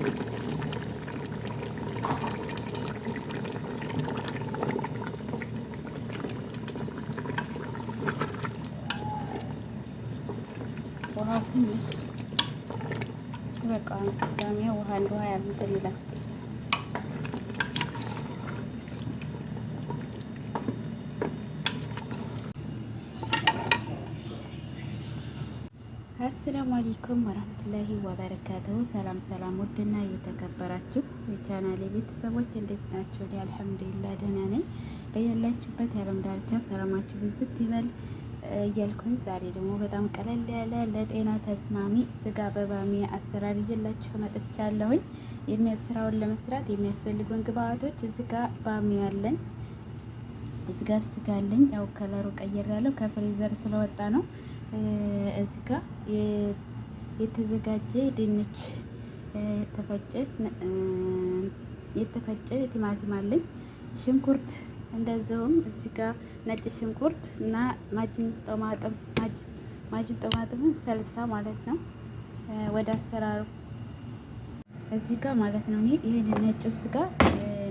ውሃ ትንሽ በቃ ቅዳሜ ውሃ እንደ ውሃ ያልንትን ይላል አሰላሙ አለይኩም ወራህመቱላሂ ወበረካቱሁ። ሰላም ሰላም፣ ውድና እየተከበራችሁ የቻናሌ ቤተሰቦች እንዴት ናቸው? እኔ አልሐምዱሊላህ ደህና ነኝ። በያላችሁበት የዓለም ዳርቻ ሰላማችሁ ብዝት ይበል እያልኩኝ ዛሬ ደግሞ በጣም ቀለል ያለ ለጤና ተስማሚ ስጋ በባሚያ አሰራር ይዤላችሁ መጥቻለሁኝ። የሚያስራውን ለመስራት የሚያስፈልጉን ግብአቶች እዚህ ባሚያ አለኝ፣ እዚህ ጋ ስጋ አለኝ። ያው ከለሩ ቀይሬያለሁ ከፍሬዘር ስለወጣ ነው። እዚህ ጋ የተዘጋጀ ድንች፣ የተፈጨ የተፈጨ ቲማቲም አለኝ፣ ሽንኩርት እንደዚሁም እዚህ ጋር ነጭ ሽንኩርት እና ማጅን ጦማጥም ማጅን ጦማጥም ሰልሳ ማለት ነው። ወደ አሰራሩ እዚህ ጋር ማለት ነው። እኔ ይሄን ነጭ ስጋ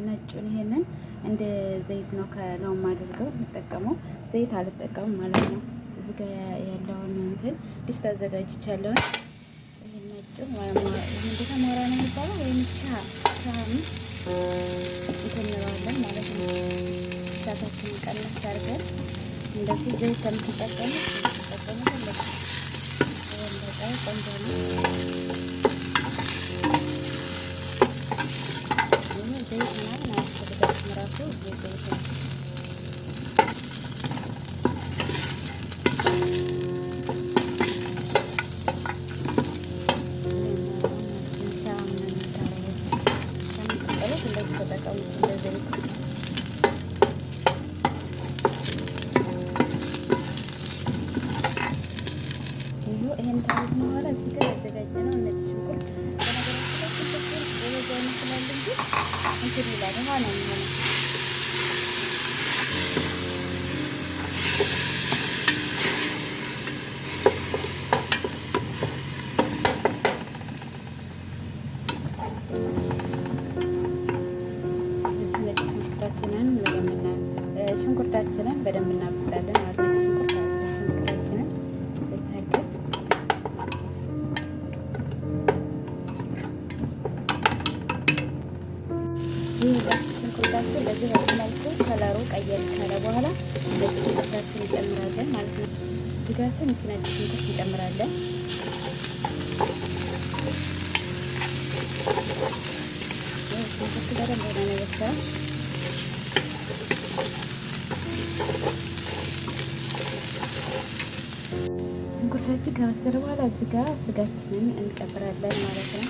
ነጩን ይሄንን እንደ ዘይት ነው ከለውም አድርገው የምጠቀመው ዘይት አልጠቀምም ማለት ነው። እዚህ ጋር ያለውን እንትን ድስት አዘጋጅቻለሁኝ። ይህን ነጭ ምንድነ ሞራ ነው የሚባለው ወይም ሻ ሻም እንትንለዋለን ማለት ነው። እሳታችንን ቀነስ አድርገን እንደዚህ ዘይት ከምትጠቀሙ ተጠቀሙ ፈለግ ወንበጣይ ቆንጆ ነው። ዘይት ሆናል ማለት ተደጋግሞ ራሱ ዘይት እንትን ጋር ያዘጋጀ ነው። እነዚህ ሽንኩርት እንጂ እንትን ይላል ነው ሽንኩርታችንን በደንብ እናብስላለን። ጋር ነጭ ሽንኩርት እንጨምራለን። ሽንኩርት በደንብ ሽንኩርታችን በኋላ እዚህ ጋር ስጋችንን እንጨምራለን ማለት ነው።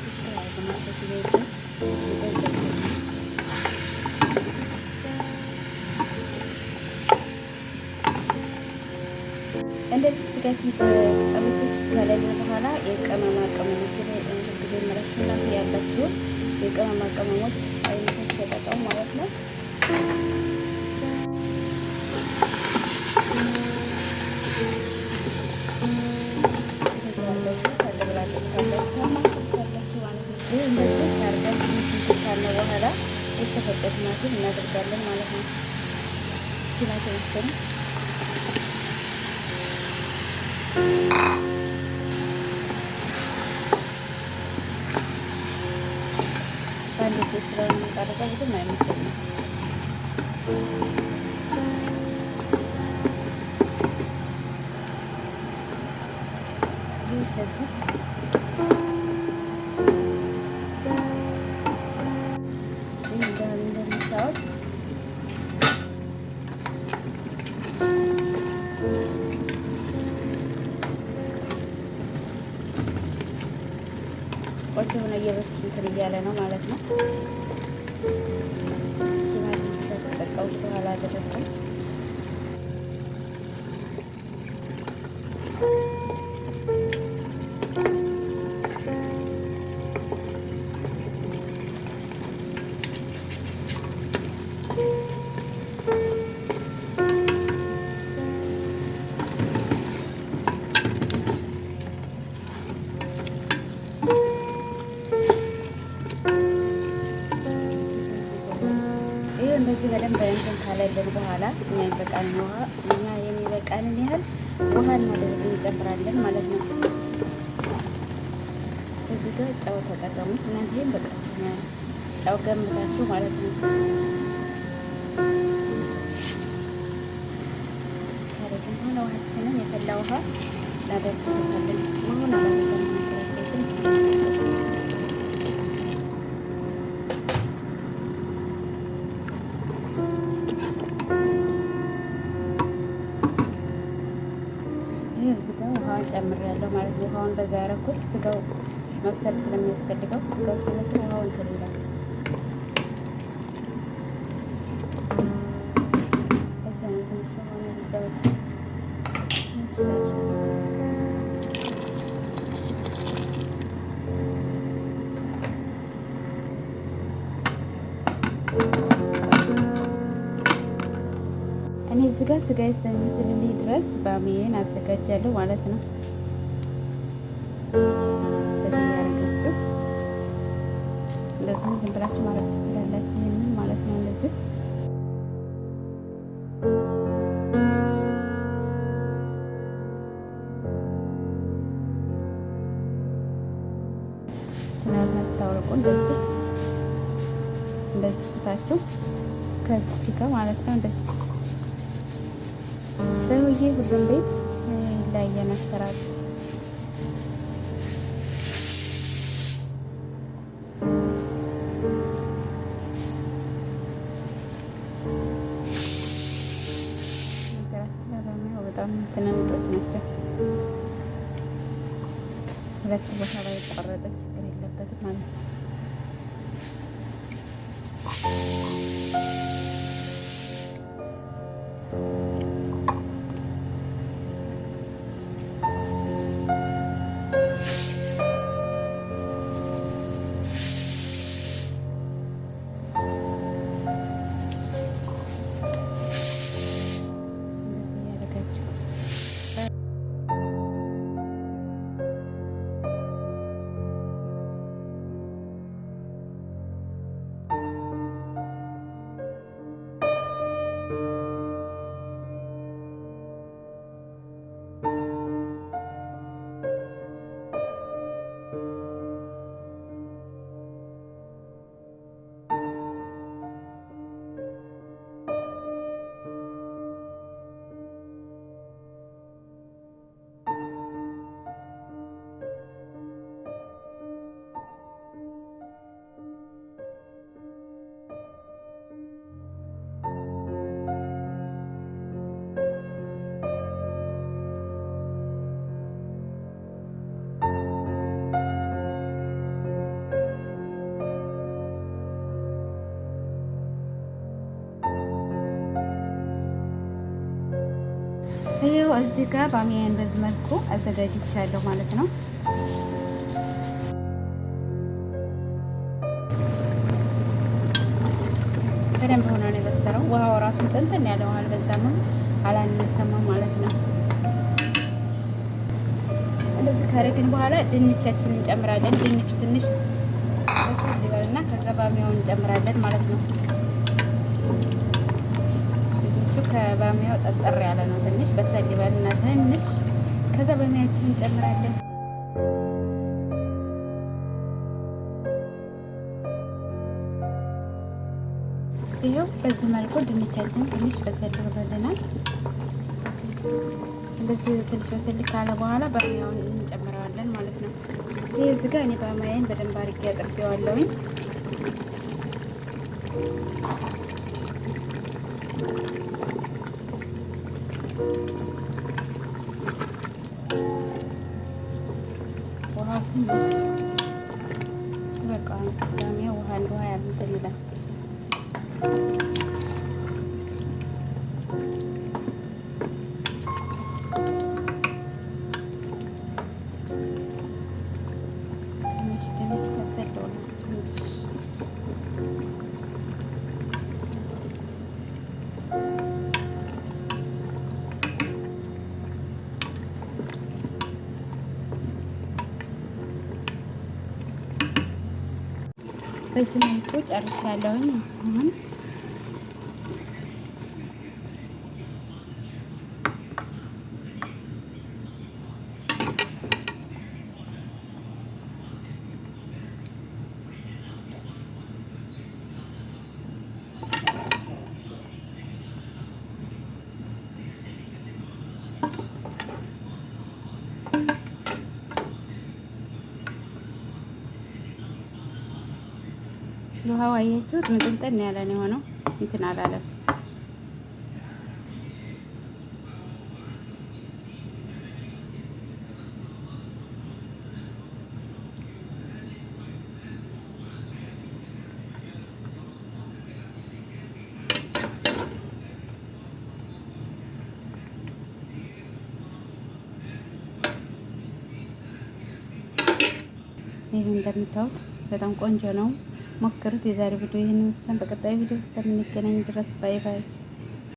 እንደዚህ ስጋት ጠበች ውስጥ ከለለ በኋላ የቅመማ ቅመሞች ጊዜ መረሽና ያላችሁ የቅመማ ቅመሞች አይነቶች ተጠቀሙ ማለት ነው። በኋላ የተፈጨ ቲማቲም እናደርጋለን ማለት ነው። ቲማቲም tirando várias ajudas mesmo. ቆጮ ሆነ እየበስ እንትን እያለ ነው ማለት ነው። በኋላ አደረግኩኝ ይበቃል ውሃ እኛ የሚበቃንን ያህል ውሃ እናደርግ እንጨምራለን ማለት ነው። እዚህ ጋር ጨው ተጠቀሙ። እናንተም በቃ ጨው ገምታችሁ ማለት ነው። ካረግን ሆነ ውሃችንን የፈላ ውሃ እናደርግበታለን መሆን አለ ጨምሬያለሁ ማለት ነው። ውሃውን በዛ ያረኩት ስጋው መብሰል ስለሚያስፈልገው ስጋው ስለዚህ ውሃውን ትሌላል እኔ እዚህ ጋር ስጋ እስከሚመስልልኝ ድረስ ባሜን አዘጋጃለሁ ማለት ነው። በዚህ እያደረጋችሁ እንደዚህ ዝም ብላችሁ ማለት ትችላላችሁ። ይህንን ማለት ነው እንደዚህ ማለት ነው። ሁሉም ቤት ይለያየን አሰራር ትንንጦች ናቸው። ሁለት ቦታ ላይ የተቆረጠ ችግር የለበትም ማለት ነው። እዚህ ጋር ባሚያን በዚህ መልኩ አዘጋጅቻለሁ ማለት ነው። በደንብ ሆኖ ነው የበሰለው። ውሃው ራሱ ጥንጥን ያለ ውሃ አልበዛም አላነሰማም ማለት ነው። እንደዚህ ካረግን በኋላ ድንቻችን እንጨምራለን። ድንቹ ትንሽ እና ከዛ ባሚያውን እንጨምራለን ማለት ነው። ከባሚያው ጠጠር ያለ ነው ትንሽ በሰል ትንሽ ከዛ በሚያችን እንጨምራለን። ይኸው በዚህ መልኩ ድንቻችን ትንሽ በሰል ብለናል። እንደዚህ ትንሽ በሰል ካለ በኋላ በሙያውን እንጨምረዋለን ማለት ነው። ይህ እዚህ ጋር እኔ በሙያዬን በደንብ አድርጌ አጥርጌዋለሁኝ። Thank you. Mm-hmm. በዚህ መልኩ ጨርሻለሁኝ። አሁን ውሃው አያችሁት ምጥንጥን ያለ ነው የሆነው። እንትን አላለም። ይህ እንደምታዩት በጣም ቆንጆ ነው። ሞክሩት። የዛሬ ቪዲዮ ይህን ይመስላል። በቀጣዩ ቪዲዮ እስከምንገናኝ ድረስ ባይ ባይ።